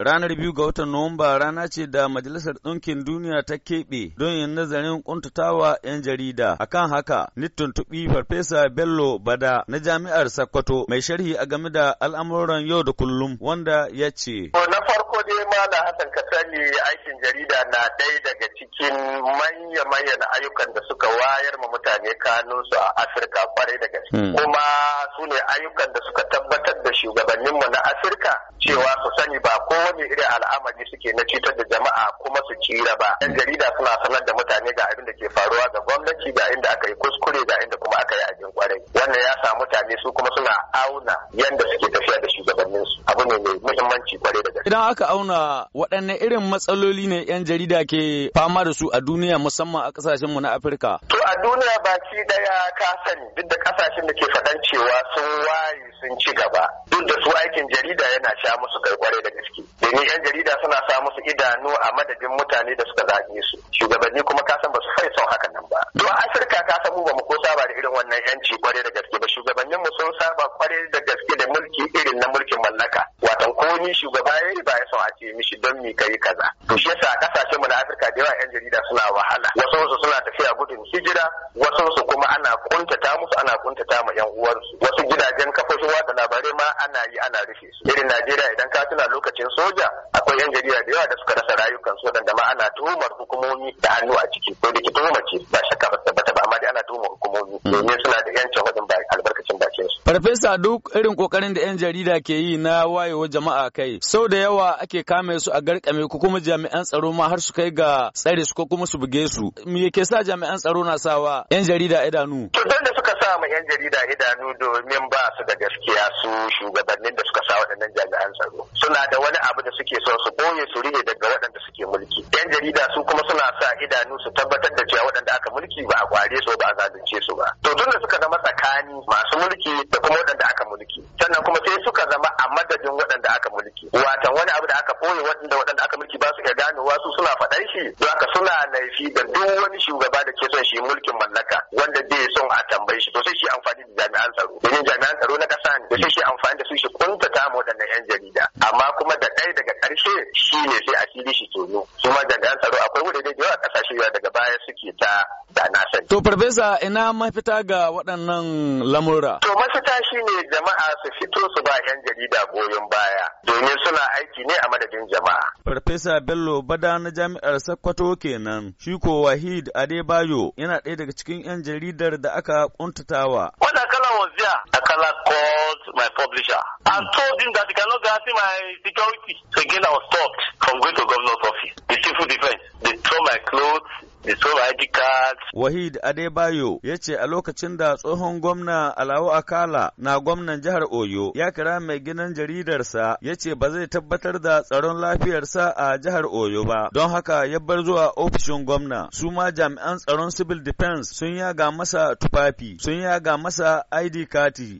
Ranar biyu ga watan Nuwamba rana ce da Majalisar Ɗinkin Duniya ta keɓe don yin nazarin ƙuntatawa 'yan jarida. a kan haka, ni tuntuɓi Farfesa Bello Bada na Jami'ar Sakkwato, mai sharhi a game da al'amuran yau da kullum wanda ya ce. Na farko dai na Hassan ka aikin jarida na ɗaya daga cikin manya-manyan ayyukan da suka wayar ma mutane kanunsu a Afirka kwarai da gaske. Hmm. Kuma ayyukan da suka tabbatar da shugabanninmu na Afirka cewa su sani ba kowane irin al'amari suke na cutar da jama'a kuma su cira ba. Yan jarida suna sanar da mutane ga abin da ke faruwa ga gwamnati ga inda aka yi kuskure ga inda mutane su kuma suna auna yadda suke tafiya da shugabanninsu abu ne mai muhimmanci kwarai da gaske. Idan aka auna waɗanne irin matsaloli ne 'yan jarida ke fama da su a duniya musamman a ƙasashenmu na Afirka? To a duniya baki daya ka sani duk da ƙasashen da ke faɗan cewa sun waye sun ci gaba duk da su aikin jarida yana sha musu kai kwarai da gaske. Domin 'yan jarida suna sa musu idanu a madadin mutane da suka zaɓe su. Shugabanni kuma ka san kwarai da gaske da mulki irin na mulkin mallaka watan ko ni shugaba ya yi ba ya son a ce mishi don mi kai kaza to shi yasa kasashe mu na Afirka da yawa yan jarida suna wahala wasu su suna tafiya gudun hijira wasu su kuma ana kuntata musu ana kuntata ma yan uwansu wasu gidajen kafofin watsa labarai ma ana yi ana rufe su irin Najeriya idan ka tuna lokacin soja akwai yan jarida da yawa da suka rasa rayukan su da ma ana tuhumar hukumomi da hannu a ciki ko da ki tuhumar ce ba shakka ba tabbata ba amma dai ana tuhumar hukumomi mm. domin Farfesa duk irin kokarin da 'yan jarida ke yi na wayewa jama'a kai, sau da yawa ake kame su a garkame ko kuma jami'an tsaro ma har su kai ga tsare su ko kuma su buge su. Me ke sa jami'an tsaro na sawa 'yan jarida idanu? da suka sa ma 'yan jarida idanu domin ba su da gaskiya su shugabannin da suka sa waɗannan jami'an tsaro. Suna da wani abu da suke son su boye su rike daga waɗanda suke mulki. 'Yan jarida su kuma suna sa idanu su tabbatar da cewa waɗanda aka mulki ba a kware su ba a zalunce su ba. To tun da suka zama tsakani masu mulki sannan kuma sai suka zama a madadin waɗanda aka mulki watan wani abu da aka boye waɗanda waɗanda aka mulki ba su iya ganowa su suna faɗan shi don haka suna laifi da duk wani shugaba da ke son shi mulkin mallaka wanda bai son a tambaye shi to sai shi amfani da jami'an tsaro domin jami'an tsaro na ƙasa ne sai shi amfani da su shi kuntata ma waɗannan 'yan jarida amma kuma da ɗaya daga ƙarshe shi ne sai a fili shi tono su ma jami'an tsaro akwai wuri da yawa kasashe yawa daga baya suke ta da na sani. To farfesa ina mafita ga waɗannan lamura? To mafita shi ne jama'a su fito su ba 'yan jarida goyon baya domin suna aiki ne a madadin jama'a. Farfesa Bello Bada na jami'ar Sakkwato kenan shi ko Wahid Adebayo yana ɗaya daga cikin 'yan jaridar da aka ƙuntatawa. I was there, Akala called my publisher and told him that he cannot guarantee my security. So again, I was stopped from going to governor's Wahid Adebayo ya ce a lokacin da tsohon gwamna Alawo Akala na gwamnan jihar Oyo ya kira mai ginin jaridarsa ya ce ba zai tabbatar da tsaron lafiyarsa a jihar Oyo ba don haka ya bar zuwa ofishin gwamna su ma jami'an tsaron civil defense sun yaga masa tufafi sun yaga masa ID kati